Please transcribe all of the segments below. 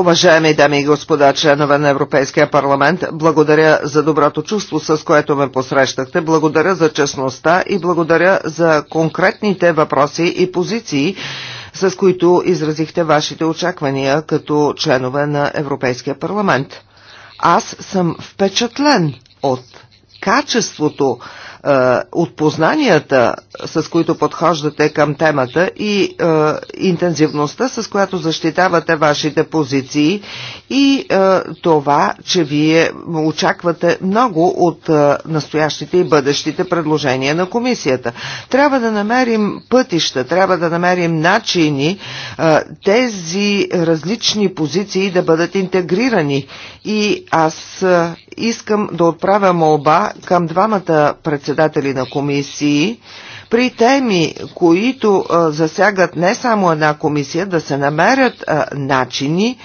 Уважаеми дами и господа, членове на Европейския парламент, благодаря за доброто чувство, с което ме посрещахте, благодаря за честността и благодаря за конкретните въпроси и позиции, с които изразихте вашите очаквания като членове на Европейския парламент. Аз съм впечатлен от качеството е, от познанията, с които подхождате към темата и е, интензивността, с която защитавате вашите позиции и е, това, че вие очаквате много от настоящите и бъдещите предложения на комисията. Трябва да намерим пътища, трябва да намерим начини тези различни позиции да бъдат интегрирани. И аз искам да отправя молба към двамата председателите председатели на комисии, при теми, които а, засягат не само една комисия, да се намерят а, начини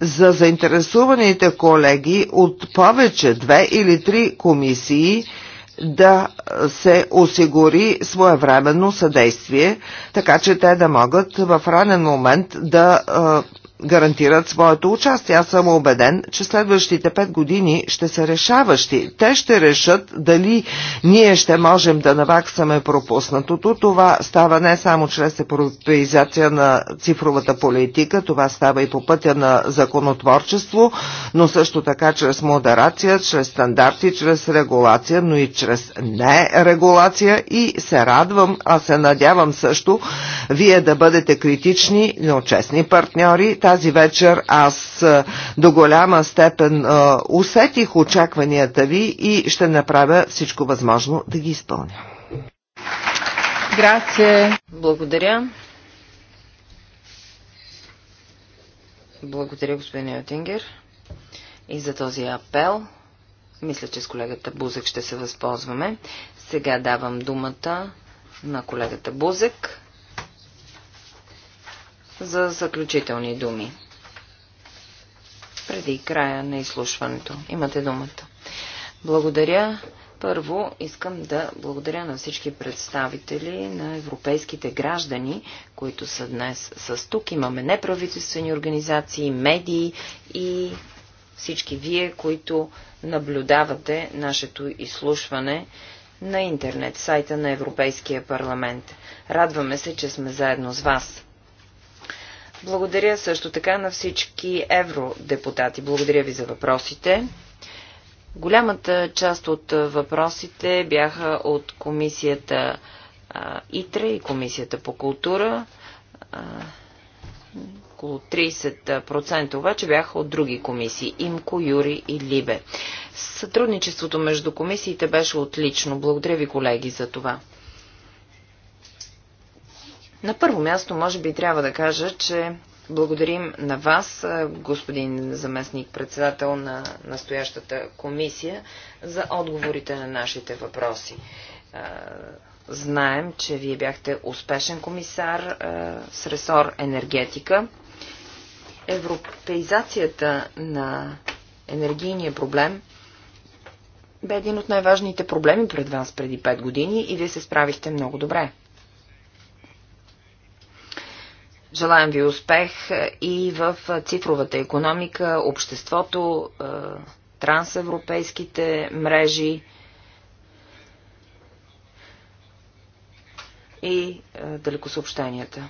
за заинтересуваните колеги от повече две или три комисии да се осигури своевременно съдействие, така че те да могат в ранен момент да а, гарантират своето участие. Аз съм убеден, че следващите пет години ще са решаващи. Те ще решат дали ние ще можем да наваксаме пропуснатото. Това става не само чрез европеизация на цифровата политика, това става и по пътя на законотворчество, но също така чрез модерация, чрез стандарти, чрез регулация, но и чрез нерегулация и се радвам, а се надявам също, вие да бъдете критични, но честни партньори, тази вечер аз е, до голяма степен е, усетих очакванията ви и ще направя всичко възможно да ги изпълня. Грация. Благодаря. Благодаря, господин Йотингер, и за този апел. Мисля, че с колегата Бузък ще се възползваме. Сега давам думата на колегата Бузък за заключителни думи. Преди края на изслушването. Имате думата. Благодаря. Първо искам да благодаря на всички представители на европейските граждани, които са днес с тук. Имаме неправителствени организации, медии и всички вие, които наблюдавате нашето изслушване на интернет сайта на Европейския парламент. Радваме се, че сме заедно с вас. Благодаря също така на всички евродепутати. Благодаря ви за въпросите. Голямата част от въпросите бяха от комисията ИТРА и комисията по култура. Около 30% обаче бяха от други комисии – ИМКО, Юри и Либе. Сътрудничеството между комисиите беше отлично. Благодаря ви, колеги, за това. На първо място, може би, трябва да кажа, че благодарим на вас, господин заместник-председател на настоящата комисия, за отговорите на нашите въпроси. Знаем, че вие бяхте успешен комисар с ресор енергетика. Европеизацията на енергийния проблем бе един от най-важните проблеми пред вас преди 5 години и вие се справихте много добре. Желаем ви успех е, и в е, цифровата економика, обществото, е, трансевропейските мрежи и далекосъобщенията.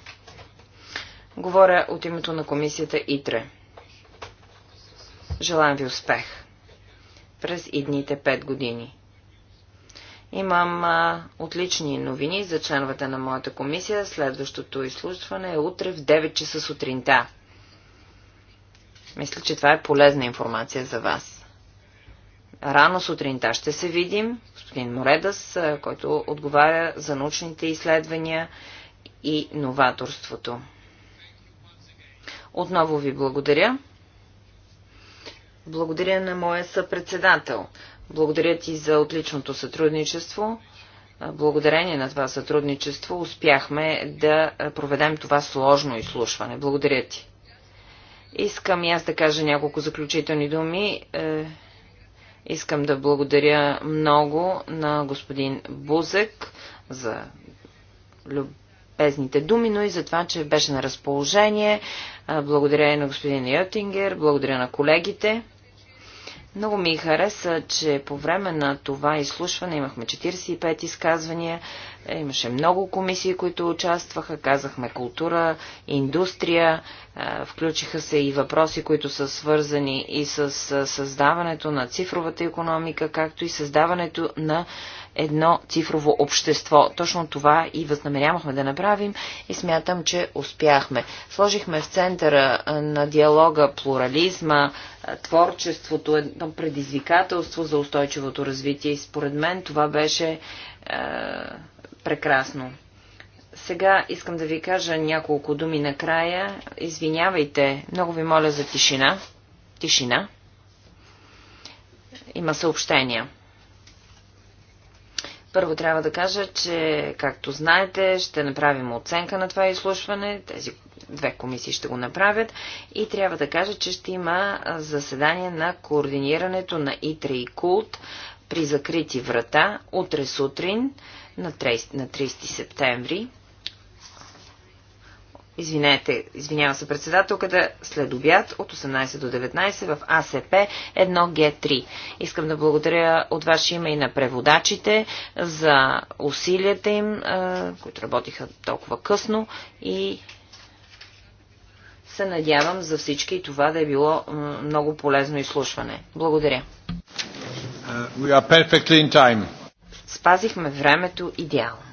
Говоря от името на комисията ИТРЕ. Желаем ви успех през идните пет години. Имам а, отлични новини за членовете на моята комисия. Следващото изслушване е утре в 9 часа сутринта. Мисля, че това е полезна информация за вас. Рано сутринта ще се видим. Господин Моредас, който отговаря за научните изследвания и новаторството. Отново ви благодаря. Благодаря на моя съпредседател. Благодаря ти за отличното сътрудничество. Благодарение на това сътрудничество успяхме да проведем това сложно изслушване. Благодаря ти. Искам и аз да кажа няколко заключителни думи. Е, искам да благодаря много на господин Бузек за любезните думи, но и за това, че беше на разположение. Е, благодаря и на господин Йотингер, благодаря на колегите. Много ми хареса, че по време на това изслушване имахме 45 изказвания, е, имаше много комисии, които участваха, казахме култура, индустрия, е, включиха се и въпроси, които са свързани и с е, създаването на цифровата економика, както и създаването на едно цифрово общество. Точно това и възнамерявахме да направим и смятам, че успяхме. Сложихме в центъра на диалога плурализма, творчеството, едно предизвикателство за устойчивото развитие и според мен това беше Прекрасно. Сега искам да ви кажа няколко думи накрая. Извинявайте, много ви моля за тишина. Тишина. Има съобщения. Първо трябва да кажа, че, както знаете, ще направим оценка на това изслушване. Тези две комисии ще го направят и трябва да кажа, че ще има заседание на координирането на ИТРА и КУЛТ при закрити врата утре сутрин на 30, на 30 септември. Извинете, извинява се председателката, след обяд от 18 до 19 в АСП 1Г3. Искам да благодаря от ваше име и на преводачите за усилията им, които работиха толкова късно и се надявам за всички и това да е било много полезно изслушване. Благодаря. Uh, Спазихме времето идеално.